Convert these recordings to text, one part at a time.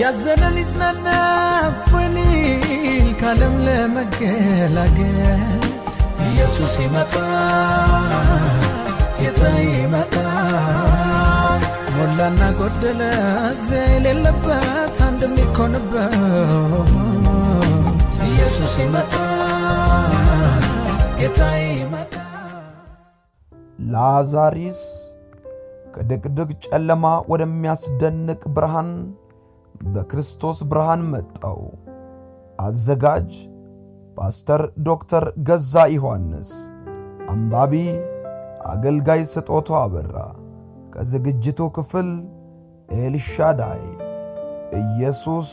ያዘነ ሊጽናና ፈሊል ካለም ለመገላገል ኢየሱስ ይመጣ፣ ጌታ ይመጣ። ሞላና ጎደለ የሌለበት አንድ የሚኮንበት ኢየሱስ ይመጣ፣ ጌታ ይመጣ። ላዛሪስ ከድቅድቅ ጨለማ ወደሚያስደንቅ ብርሃን በክርስቶስ ብርሃን መጣው። አዘጋጅ ፓስተር ዶክተር ገዛ ዮሐንስ፣ አንባቢ አገልጋይ ስጦቶ አበራ። ከዝግጅቱ ክፍል ኤልሻዳይ ኢየሱስ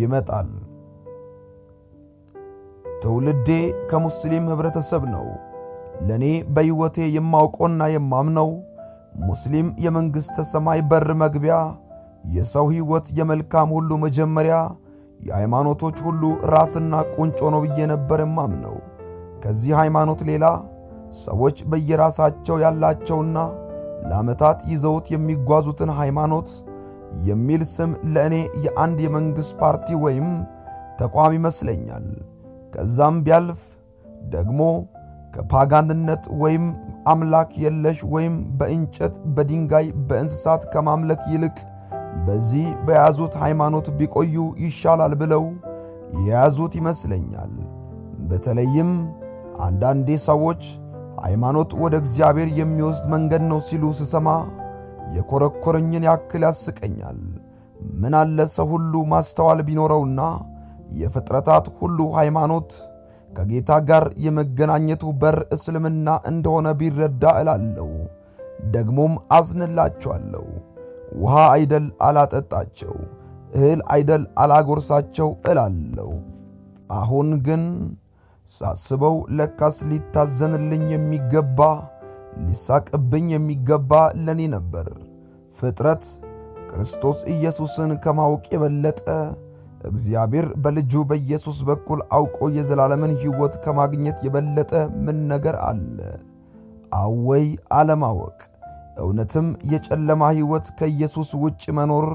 ይመጣል። ትውልዴ ከሙስሊም ኅብረተሰብ ነው። ለእኔ በሕይወቴ የማውቀውና የማምነው ሙስሊም የመንግሥተ ሰማይ በር መግቢያ የሰው ሕይወት የመልካም ሁሉ መጀመሪያ የሃይማኖቶች ሁሉ ራስና ቁንጮ ነው ብዬ ነበር የማምነው። ከዚህ ሃይማኖት ሌላ ሰዎች በየራሳቸው ያላቸውና ለዓመታት ይዘውት የሚጓዙትን ሃይማኖት የሚል ስም ለእኔ የአንድ የመንግሥት ፓርቲ ወይም ተቋም ይመስለኛል። ከዛም ቢያልፍ ደግሞ ከፓጋንነት ወይም አምላክ የለሽ ወይም በእንጨት በድንጋይ በእንስሳት ከማምለክ ይልቅ በዚህ በያዙት ሃይማኖት ቢቆዩ ይሻላል ብለው የያዙት ይመስለኛል። በተለይም አንዳንዴ ሰዎች ሃይማኖት ወደ እግዚአብሔር የሚወስድ መንገድ ነው ሲሉ ስሰማ የኮረኮረኝን ያክል ያስቀኛል። ምን አለ ሰው ሁሉ ማስተዋል ቢኖረውና የፍጥረታት ሁሉ ሃይማኖት ከጌታ ጋር የመገናኘቱ በር እስልምና እንደሆነ ቢረዳ እላለሁ። ደግሞም አዝንላቸዋለሁ። ውሃ አይደል አላጠጣቸው፣ እህል አይደል አላጎርሳቸው እላለሁ። አሁን ግን ሳስበው ለካስ ሊታዘንልኝ የሚገባ ሊሳቅብኝ የሚገባ ለኔ ነበር። ፍጥረት ክርስቶስ ኢየሱስን ከማወቅ የበለጠ እግዚአብሔር በልጁ በኢየሱስ በኩል አውቆ የዘላለምን ሕይወት ከማግኘት የበለጠ ምን ነገር አለ? አወይ አለማወቅ! እውነትም የጨለማ ሕይወት ከኢየሱስ ውጭ መኖር፣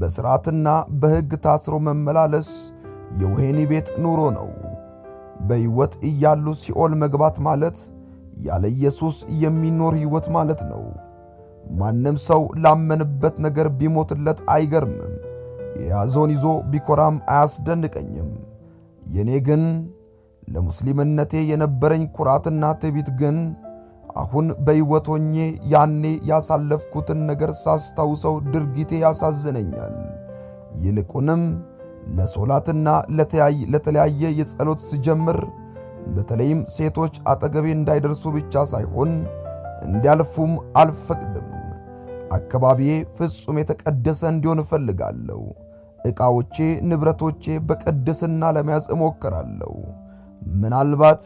በሥርዓትና በሕግ ታስሮ መመላለስ የወህኒ ቤት ኑሮ ነው። በሕይወት እያሉ ሲኦል መግባት ማለት ያለ ኢየሱስ የሚኖር ሕይወት ማለት ነው። ማንም ሰው ላመንበት ነገር ቢሞትለት አይገርምም። የያዘውን ይዞ ቢኮራም አያስደንቀኝም። የእኔ ግን ለሙስሊምነቴ የነበረኝ ኩራትና ትዕቢት ግን አሁን በሕይወቶኜ ያኔ ያሳለፍኩትን ነገር ሳስታውሰው ድርጊቴ ያሳዝነኛል። ይልቁንም ለሶላትና ለተለያየ የጸሎት ስጀምር በተለይም ሴቶች አጠገቤ እንዳይደርሱ ብቻ ሳይሆን እንዲያልፉም አልፈቅድም። አካባቢዬ ፍጹም የተቀደሰ እንዲሆን እፈልጋለሁ። ዕቃዎቼ፣ ንብረቶቼ በቅድስና ለመያዝ እሞክራለሁ። ምናልባት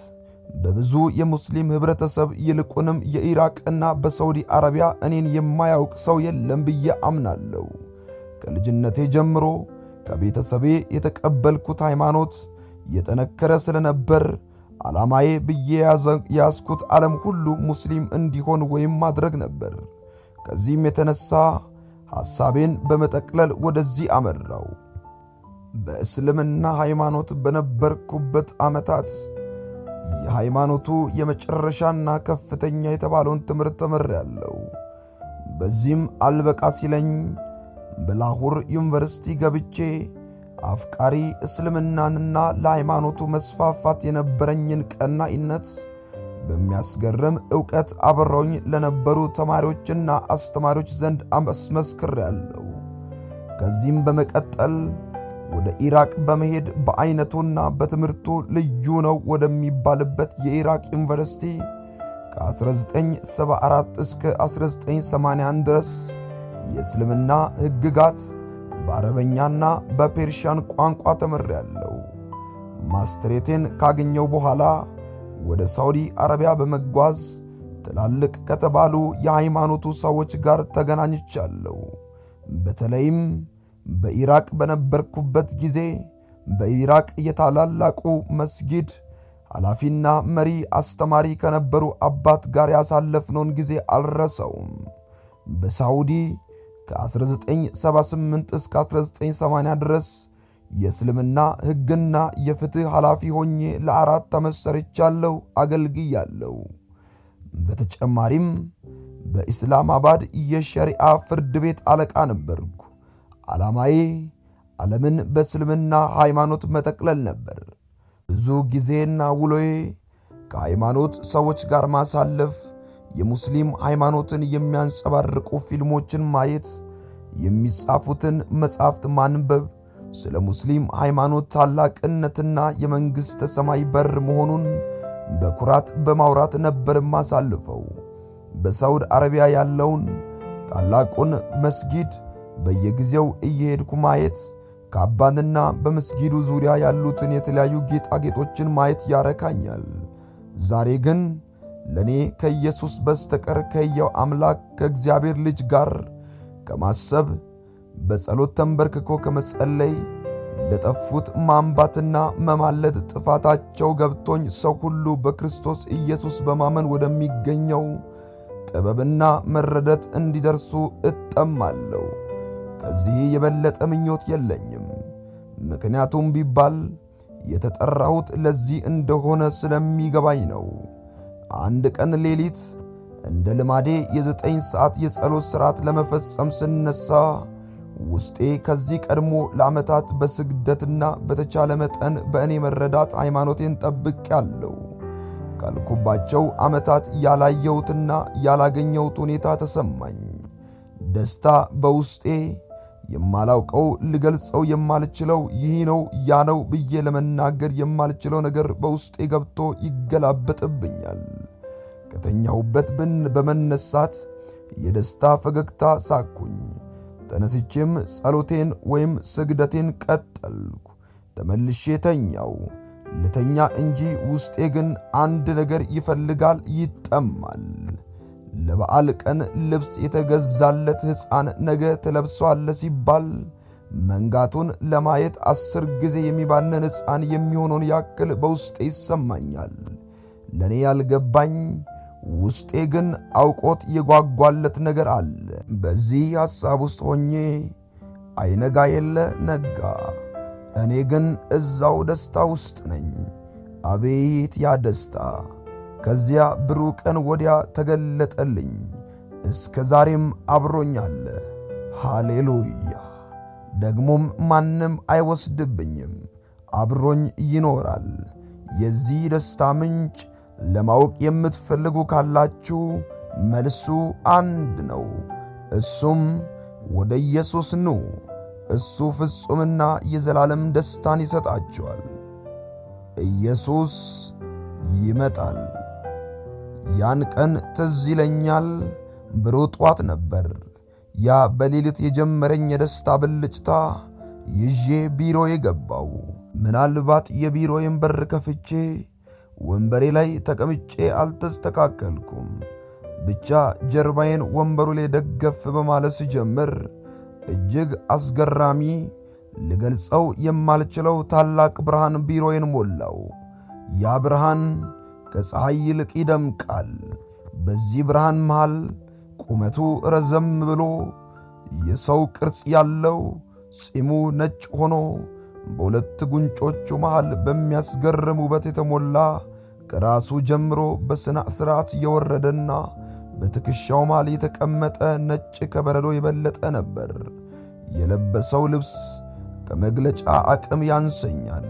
በብዙ የሙስሊም ህብረተሰብ ይልቁንም የኢራቅና በሳውዲ አረቢያ እኔን የማያውቅ ሰው የለም ብዬ አምናለሁ። ከልጅነቴ ጀምሮ ከቤተሰቤ የተቀበልኩት ሃይማኖት እየጠነከረ ስለነበር ዓላማዬ ብዬ ያዝኩት ዓለም ሁሉ ሙስሊም እንዲሆን ወይም ማድረግ ነበር። ከዚህም የተነሳ ሐሳቤን በመጠቅለል ወደዚህ አመራው። በእስልምና ሃይማኖት በነበርኩበት ዓመታት የሃይማኖቱ የመጨረሻና ከፍተኛ የተባለውን ትምህርት ተምሬያለሁ። በዚህም አልበቃ ሲለኝ በላሁር ዩኒቨርሲቲ ገብቼ አፍቃሪ እስልምናንና ለሃይማኖቱ መስፋፋት የነበረኝን ቀናኢነት በሚያስገርም ዕውቀት አብረውኝ ለነበሩ ተማሪዎችና አስተማሪዎች ዘንድ አስመስክሬያለሁ። ከዚህም በመቀጠል ወደ ኢራቅ በመሄድ በአይነቱና በትምህርቱ ልዩ ነው ወደሚባልበት የኢራቅ ዩኒቨርሲቲ ከ1974 እስከ 1981 ድረስ የእስልምና ሕግጋት በአረበኛና በፔርሻን ቋንቋ ያለው። ማስትሬቴን ካገኘው በኋላ ወደ ሳውዲ አረቢያ በመጓዝ ትላልቅ ከተባሉ የሃይማኖቱ ሰዎች ጋር ተገናኝቻለሁ። በተለይም በኢራቅ በነበርኩበት ጊዜ በኢራቅ የታላላቁ መስጊድ ኃላፊና መሪ አስተማሪ ከነበሩ አባት ጋር ያሳለፍነውን ጊዜ አልረሰውም። በሳዑዲ ከ1978 እስከ 1980 ድረስ የእስልምና ሕግና የፍትሕ ኃላፊ ሆኜ ለአራት ዓመት ሰርቻለሁ፣ አገልግያለሁ። በተጨማሪም በኢስላማባድ የሸሪዓ ፍርድ ቤት አለቃ ነበርኩ። ዓላማዬ ዓለምን በእስልምና ሃይማኖት መጠቅለል ነበር። ብዙ ጊዜና ውሎዬ ከሃይማኖት ሰዎች ጋር ማሳለፍ፣ የሙስሊም ሃይማኖትን የሚያንጸባርቁ ፊልሞችን ማየት፣ የሚጻፉትን መጻሕፍት ማንበብ፣ ስለ ሙስሊም ሃይማኖት ታላቅነትና የመንግሥተ ሰማይ በር መሆኑን በኩራት በማውራት ነበር ማሳልፈው። በሳውድ አረቢያ ያለውን ታላቁን መስጊድ በየጊዜው እየሄድኩ ማየት ካባንና በመስጊዱ ዙሪያ ያሉትን የተለያዩ ጌጣጌጦችን ማየት ያረካኛል። ዛሬ ግን ለእኔ ከኢየሱስ በስተቀር ከየው አምላክ ከእግዚአብሔር ልጅ ጋር ከማሰብ በጸሎት ተንበርክኮ ከመጸለይ ለጠፉት ማንባትና መማለድ ጥፋታቸው ገብቶኝ ሰው ሁሉ በክርስቶስ ኢየሱስ በማመን ወደሚገኘው ጥበብና መረደት እንዲደርሱ እጠማለሁ። ከዚህ የበለጠ ምኞት የለኝም። ምክንያቱም ቢባል የተጠራሁት ለዚህ እንደሆነ ስለሚገባኝ ነው። አንድ ቀን ሌሊት እንደ ልማዴ የዘጠኝ ሰዓት የጸሎት ሥርዓት ለመፈጸም ስነሳ ውስጤ ከዚህ ቀድሞ ለዓመታት በስግደትና በተቻለ መጠን በእኔ መረዳት ሃይማኖቴን ጠብቅ ያለው ካልኩባቸው ዓመታት ያላየሁትና ያላገኘሁት ሁኔታ ተሰማኝ። ደስታ በውስጤ የማላውቀው ልገልጸው የማልችለው ይህ ነው ያ ነው ብዬ ለመናገር የማልችለው ነገር በውስጤ ገብቶ ይገላበጥብኛል። ከተኛውበት ብን በመነሳት የደስታ ፈገግታ ሳኩኝ ተነስቼም ጸሎቴን ወይም ስግደቴን ቀጠልኩ። ተመልሼ ተኛው ልተኛ እንጂ ውስጤ ግን አንድ ነገር ይፈልጋል፣ ይጠማል። ለበዓል ቀን ልብስ የተገዛለት ሕፃን ነገ ትለብሷለ ሲባል መንጋቱን ለማየት አስር ጊዜ የሚባነን ሕፃን የሚሆነውን ያክል በውስጤ ይሰማኛል። ለእኔ ያልገባኝ ውስጤ ግን አውቆት የጓጓለት ነገር አለ። በዚህ ሐሳብ ውስጥ ሆኜ አይነጋ የለ ነጋ፣ እኔ ግን እዛው ደስታ ውስጥ ነኝ። አቤት ያ ደስታ! ከዚያ ብሩህ ቀን ወዲያ ተገለጠልኝ። እስከ ዛሬም አብሮኛል። ሃሌሉያ! ደግሞም ማንም አይወስድብኝም፣ አብሮኝ ይኖራል። የዚህ ደስታ ምንጭ ለማወቅ የምትፈልጉ ካላችሁ መልሱ አንድ ነው። እሱም ወደ ኢየሱስ ኑ። እሱ ፍጹምና የዘላለም ደስታን ይሰጣችኋል። ኢየሱስ ይመጣል። ያን ቀን ትዝ ይለኛል ብሮ ጧት ነበር ያ በሌሊት የጀመረኝ የደስታ ብልጭታ ይዤ ቢሮ የገባው። ምናልባት የቢሮዬን በር ከፍቼ ወንበሬ ላይ ተቀምጬ አልተስተካከልኩም። ብቻ ጀርባዬን ወንበሩ ላይ ደገፍ በማለት ስጀምር እጅግ አስገራሚ ልገልጸው የማልችለው ታላቅ ብርሃን ቢሮዬን ሞላው። ያ ብርሃን ከፀሐይ ይልቅ ይደምቃል። በዚህ ብርሃን መሃል ቁመቱ ረዘም ብሎ የሰው ቅርጽ ያለው ፂሙ ነጭ ሆኖ በሁለት ጉንጮቹ መሃል በሚያስገርም ውበት የተሞላ ከራሱ ጀምሮ በሥነ ሥርዓት የወረደና በትከሻው መሃል የተቀመጠ ነጭ ከበረዶ የበለጠ ነበር። የለበሰው ልብስ ከመግለጫ አቅም ያንሰኛል።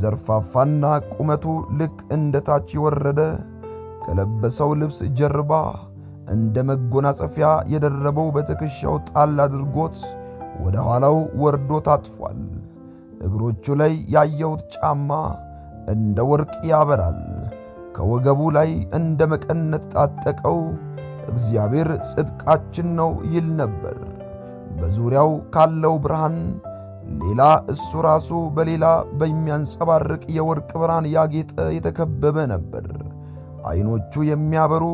ዘርፋፋና ቁመቱ ልክ እንደ ታች የወረደ ከለበሰው ልብስ ጀርባ እንደ መጎናጸፊያ የደረበው በትከሻው ጣል አድርጎት ወደ ኋላው ወርዶ ታጥፏል። እግሮቹ ላይ ያየሁት ጫማ እንደ ወርቅ ያበራል። ከወገቡ ላይ እንደ መቀነት ጣጠቀው። እግዚአብሔር ጽድቃችን ነው ይል ነበር። በዙሪያው ካለው ብርሃን ሌላ እሱ ራሱ በሌላ በሚያንጸባርቅ የወርቅ ብርሃን ያጌጠ የተከበበ ነበር። ዐይኖቹ የሚያበሩ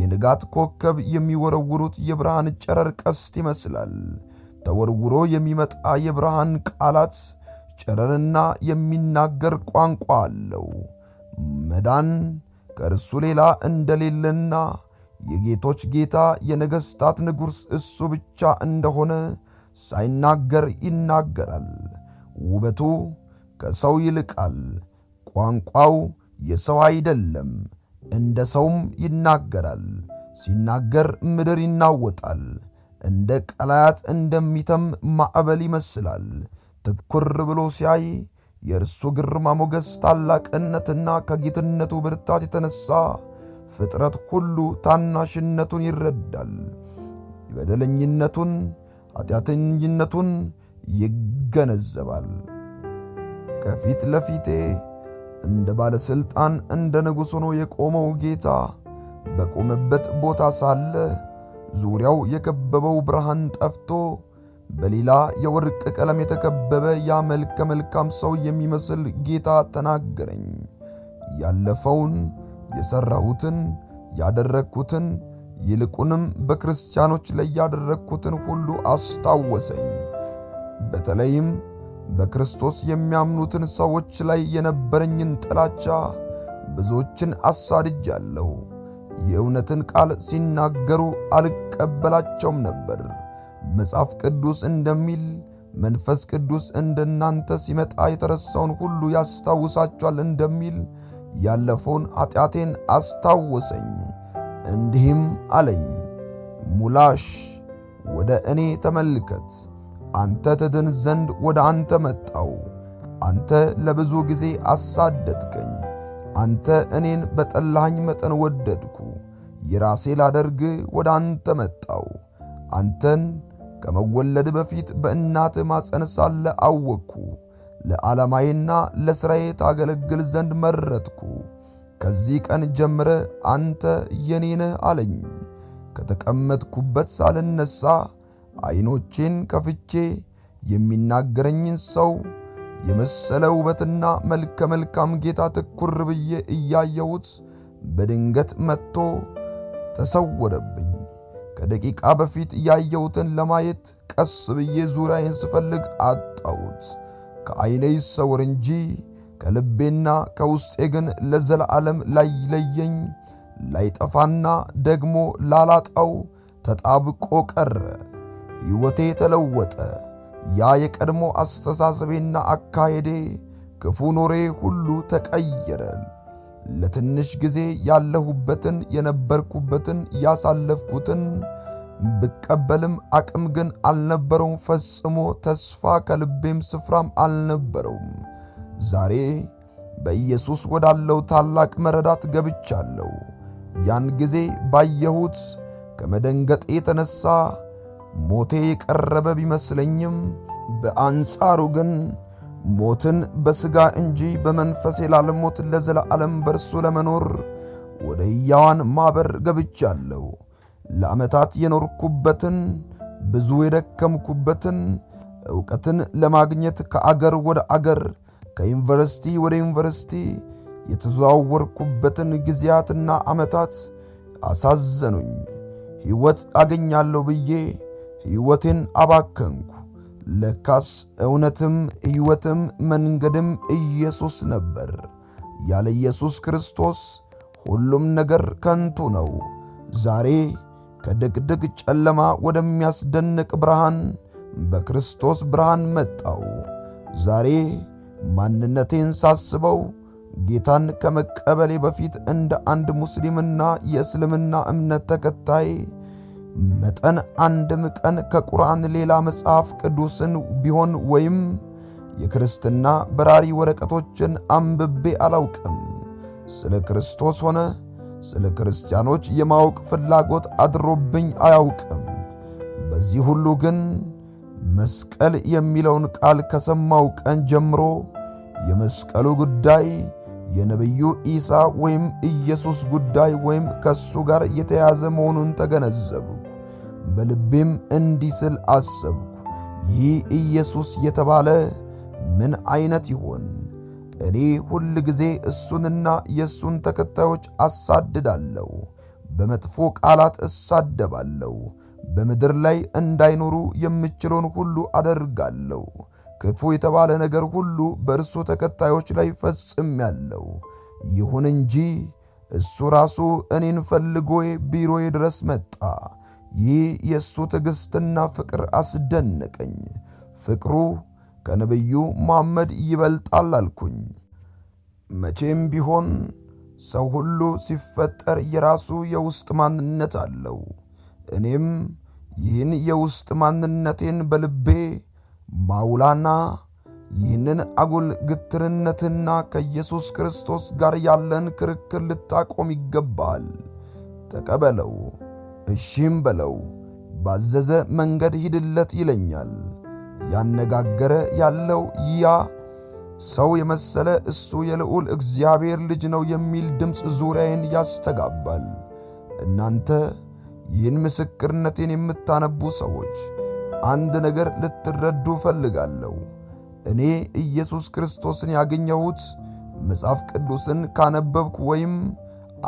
የንጋት ኮከብ የሚወረውሩት የብርሃን ጨረር ቀስት ይመስላል። ተወርውሮ የሚመጣ የብርሃን ቃላት ጨረርና የሚናገር ቋንቋ አለው። መዳን ከእርሱ ሌላ እንደሌለና የጌቶች ጌታ የነገሥታት ንጉሥ እሱ ብቻ እንደሆነ ሳይናገር ይናገራል። ውበቱ ከሰው ይልቃል። ቋንቋው የሰው አይደለም፣ እንደ ሰውም ይናገራል። ሲናገር ምድር ይናወጣል። እንደ ቀላያት እንደሚተም ማዕበል ይመስላል። ትኩር ብሎ ሲያይ የእርሱ ግርማ ሞገስ ታላቅነትና ከጌትነቱ ብርታት የተነሳ ፍጥረት ሁሉ ታናሽነቱን ይረዳል፣ የበደለኝነቱን ኃጢአተኝነቱን ይገነዘባል። ከፊት ለፊቴ እንደ ሥልጣን እንደ ንጉሥ ሆኖ የቆመው ጌታ በቆመበት ቦታ ሳለ ዙሪያው የከበበው ብርሃን ጠፍቶ በሌላ የወርቅ ቀለም የተከበበ ያ መልከ መልካም ሰው የሚመስል ጌታ ተናገረኝ። ያለፈውን፣ የሠራሁትን፣ ያደረግሁትን ይልቁንም በክርስቲያኖች ላይ ያደረግኩትን ሁሉ አስታወሰኝ። በተለይም በክርስቶስ የሚያምኑትን ሰዎች ላይ የነበረኝን ጥላቻ ብዙዎችን አሳድጃለሁ። የእውነትን ቃል ሲናገሩ አልቀበላቸውም ነበር። መጽሐፍ ቅዱስ እንደሚል መንፈስ ቅዱስ እንደናንተ ሲመጣ የተረሳውን ሁሉ ያስታውሳቸዋል እንደሚል ያለፈውን ኃጢአቴን አስታወሰኝ። እንዲህም አለኝ፣ ሙላሽ ወደ እኔ ተመልከት፣ አንተ ትድን ዘንድ ወደ አንተ መጣው። አንተ ለብዙ ጊዜ አሳደድከኝ፣ አንተ እኔን በጠላኸኝ መጠን ወደድኩ። የራሴ ላደርግ ወደ አንተ መጣው። አንተን ከመወለድ በፊት በእናት ማፀን ሳለ አወቅኩ። ለዓላማዬና ለሥራዬ ታገለግል ዘንድ መረጥኩ። ከዚህ ቀን ጀምረ አንተ የኔነ አለኝ። ከተቀመጥኩበት ሳልነሳ ዓይኖቼን ከፍቼ የሚናገረኝን ሰው የመሰለ ውበትና መልከ መልካም ጌታ ትኩር ብዬ እያየሁት በድንገት መጥቶ ተሰወረብኝ። ከደቂቃ በፊት ያየሁትን ለማየት ቀስ ብዬ ዙሪያዬን ስፈልግ አጣሁት። ከዓይኔ ይሰወር እንጂ ከልቤና ከውስጤ ግን ለዘለዓለም ላይለየኝ ላይጠፋና ደግሞ ላላጣው ተጣብቆ ቀረ። ሕይወቴ ተለወጠ። ያ የቀድሞ አስተሳሰቤና አካሄዴ፣ ክፉ ኖሬ ሁሉ ተቀየረ። ለትንሽ ጊዜ ያለሁበትን የነበርኩበትን ያሳለፍኩትን ብቀበልም አቅም ግን አልነበረውም። ፈጽሞ ተስፋ ከልቤም ስፍራም አልነበረውም። ዛሬ በኢየሱስ ወዳለው ታላቅ መረዳት ገብቻለሁ። ያን ጊዜ ባየሁት ከመደንገጥ የተነሳ ሞቴ የቀረበ ቢመስለኝም በአንጻሩ ግን ሞትን በሥጋ እንጂ በመንፈሴ ላለሞት ለዘላለም በርሱ ለመኖር ወደ ሕያዋን ማኅበር ገብቻለሁ። ለዓመታት የኖርኩበትን ብዙ የደከምኩበትን ዕውቀትን ለማግኘት ከአገር ወደ አገር ከዩኒቨርስቲ ወደ ዩኒቨርስቲ የተዘዋወርኩበትን ጊዜያትና ዓመታት አሳዘኑኝ። ሕይወት አገኛለሁ ብዬ ሕይወቴን አባከንኩ። ለካስ እውነትም ሕይወትም መንገድም ኢየሱስ ነበር። ያለ ኢየሱስ ክርስቶስ ሁሉም ነገር ከንቱ ነው። ዛሬ ከድቅድቅ ጨለማ ወደሚያስደንቅ ብርሃን በክርስቶስ ብርሃን መጣው። ዛሬ ማንነቴን ሳስበው ጌታን ከመቀበሌ በፊት እንደ አንድ ሙስሊምና የእስልምና እምነት ተከታይ መጠን አንድም ቀን ከቁርአን ሌላ መጽሐፍ ቅዱስን ቢሆን ወይም የክርስትና በራሪ ወረቀቶችን አንብቤ አላውቅም። ስለ ክርስቶስ ሆነ ስለ ክርስቲያኖች የማወቅ ፍላጎት አድሮብኝ አያውቅም። በዚህ ሁሉ ግን መስቀል የሚለውን ቃል ከሰማው ቀን ጀምሮ የመስቀሉ ጉዳይ የነቢዩ ኢሳ ወይም ኢየሱስ ጉዳይ ወይም ከሱ ጋር የተያዘ መሆኑን ተገነዘብኩ። በልቤም እንዲህ ስል አሰብኩ፣ ይህ ኢየሱስ የተባለ ምን አይነት ይሆን? እኔ ሁል ጊዜ እሱንና የእሱን ተከታዮች አሳድዳለሁ፣ በመጥፎ ቃላት እሳደባለሁ፣ በምድር ላይ እንዳይኖሩ የምችለውን ሁሉ አደርጋለሁ። ክፉ የተባለ ነገር ሁሉ በእርሱ ተከታዮች ላይ ፈጽም ያለው። ይሁን እንጂ እሱ ራሱ እኔን ፈልጎ ቢሮዬ ድረስ መጣ። ይህ የእሱ ትዕግሥትና ፍቅር አስደነቀኝ። ፍቅሩ ከነቢዩ መሐመድ ይበልጣል አልኩኝ። መቼም ቢሆን ሰው ሁሉ ሲፈጠር የራሱ የውስጥ ማንነት አለው። እኔም ይህን የውስጥ ማንነቴን በልቤ ማውላና ይህንን አጉል ግትርነትና ከኢየሱስ ክርስቶስ ጋር ያለን ክርክር ልታቆም ይገባል። ተቀበለው፣ እሺም በለው፣ ባዘዘ መንገድ ሂድለት ይለኛል። ያነጋገረ ያለው ያ ሰው የመሰለ እሱ የልዑል እግዚአብሔር ልጅ ነው የሚል ድምፅ ዙሪያዬን ያስተጋባል። እናንተ ይህን ምስክርነቴን የምታነቡ ሰዎች አንድ ነገር ልትረዱ እፈልጋለሁ። እኔ ኢየሱስ ክርስቶስን ያገኘሁት መጽሐፍ ቅዱስን ካነበብኩ ወይም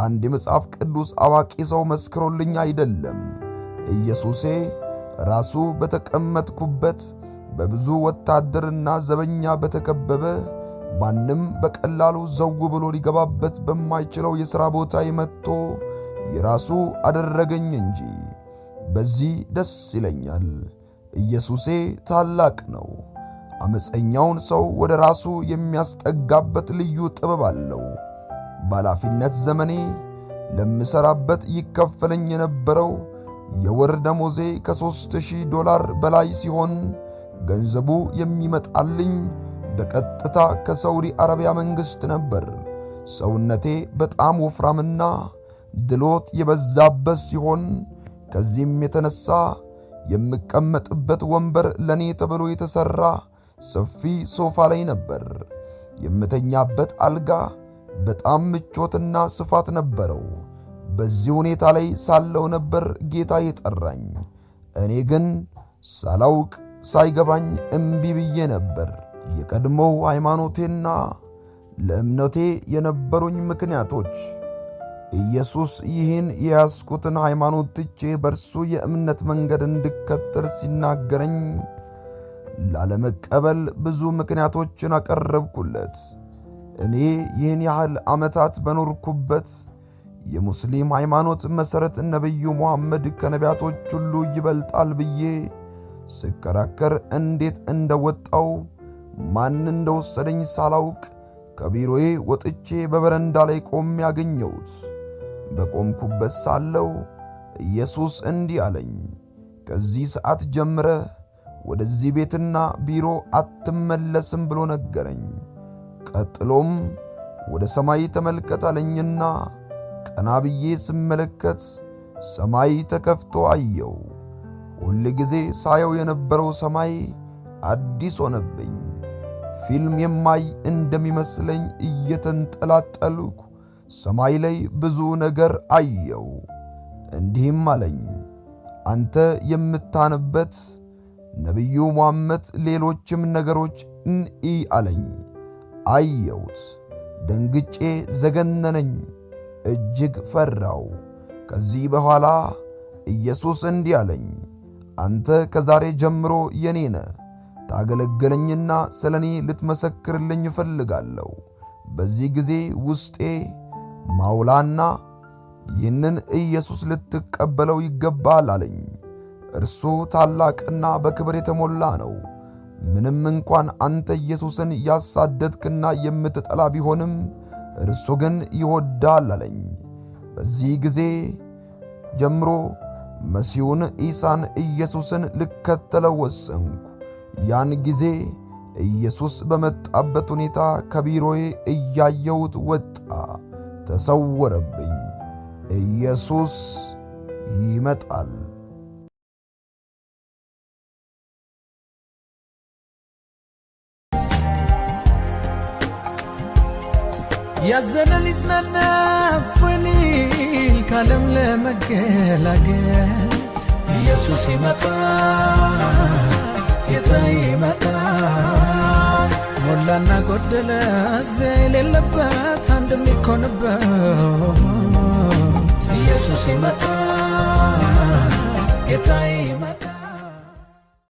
አንድ የመጽሐፍ ቅዱስ አዋቂ ሰው መስክሮልኝ አይደለም። ኢየሱሴ ራሱ በተቀመጥኩበት በብዙ ወታደርና ዘበኛ በተከበበ ማንም በቀላሉ ዘው ብሎ ሊገባበት በማይችለው የሥራ ቦታ መጥቶ የራሱ አደረገኝ እንጂ በዚህ ደስ ይለኛል። ኢየሱሴ ታላቅ ነው። አመፀኛውን ሰው ወደ ራሱ የሚያስጠጋበት ልዩ ጥበብ አለው። በኃላፊነት ዘመኔ ለምሰራበት ይከፈለኝ የነበረው የወር ደሞዜ ከ 3000 ዶላር በላይ ሲሆን ገንዘቡ የሚመጣልኝ በቀጥታ ከሳውዲ አረቢያ መንግሥት ነበር። ሰውነቴ በጣም ወፍራምና ድሎት የበዛበት ሲሆን ከዚህም የተነሳ የምቀመጥበት ወንበር ለኔ ተብሎ የተሰራ ሰፊ ሶፋ ላይ ነበር። የምተኛበት አልጋ በጣም ምቾትና ስፋት ነበረው። በዚህ ሁኔታ ላይ ሳለው ነበር ጌታ የጠራኝ። እኔ ግን ሳላውቅ ሳይገባኝ እምቢ ብዬ ነበር። የቀድሞው ሃይማኖቴና ለእምነቴ የነበሩኝ ምክንያቶች ኢየሱስ ይህን የያዝኩትን ሃይማኖት ትቼ በርሱ የእምነት መንገድ እንድከተል ሲናገረኝ ላለመቀበል ብዙ ምክንያቶችን አቀረብኩለት። እኔ ይህን ያህል ዓመታት በኖርኩበት የሙስሊም ሃይማኖት መሠረት ነቢዩ ሙሐመድ ከነቢያቶች ሁሉ ይበልጣል ብዬ ስከራከር እንዴት እንደወጣው ማን እንደወሰደኝ ሳላውቅ ከቢሮዬ ወጥቼ በበረንዳ ላይ ቆሜ ያገኘሁት በቆምኩበት ሳለው ኢየሱስ እንዲህ አለኝ፣ ከዚህ ሰዓት ጀምረ ወደዚህ ቤትና ቢሮ አትመለስም ብሎ ነገረኝ። ቀጥሎም ወደ ሰማይ ተመልከት አለኝና ቀና ብዬ ስመለከት ሰማይ ተከፍቶ አየው። ሁል ጊዜ ሳየው የነበረው ሰማይ አዲስ ሆነብኝ። ፊልም የማይ እንደሚመስለኝ እየተንጠላጠልኩ ሰማይ ላይ ብዙ ነገር አየው። እንዲህም አለኝ፣ አንተ የምታንበት ነቢዩ መሐመድ ሌሎችም ነገሮች እንኢ አለኝ። አየውት ደንግጬ ዘገነነኝ፣ እጅግ ፈራው። ከዚህ በኋላ ኢየሱስ እንዲህ አለኝ፣ አንተ ከዛሬ ጀምሮ የኔ ነ ታገለግለኝና ስለ እኔ ልትመሰክርልኝ እፈልጋለሁ። በዚህ ጊዜ ውስጤ ማውላና ይህንን ኢየሱስ ልትቀበለው ይገባል አለኝ። እርሱ ታላቅና በክብር የተሞላ ነው። ምንም እንኳን አንተ ኢየሱስን ያሳደድክና የምትጠላ ቢሆንም እርሱ ግን ይወዳል አለኝ። በዚህ ጊዜ ጀምሮ መሲሁን ኢሳን ኢየሱስን ልከተለው ወሰንኩ። ያን ጊዜ ኢየሱስ በመጣበት ሁኔታ ከቢሮዬ እያየሁት ወጣ። ተሰወረብኝ። ኢየሱስ ይመጣል። ያዘነ ሊጽናና ፍሊል ካለም ለመገላገል ኢየሱስ ይመጣል። ጌታ ይመጣል። ሞላና ጎደለ እዚያ የሌለበት አንድ የሚኮንበት ኢየሱስ ይመጣ ጌታ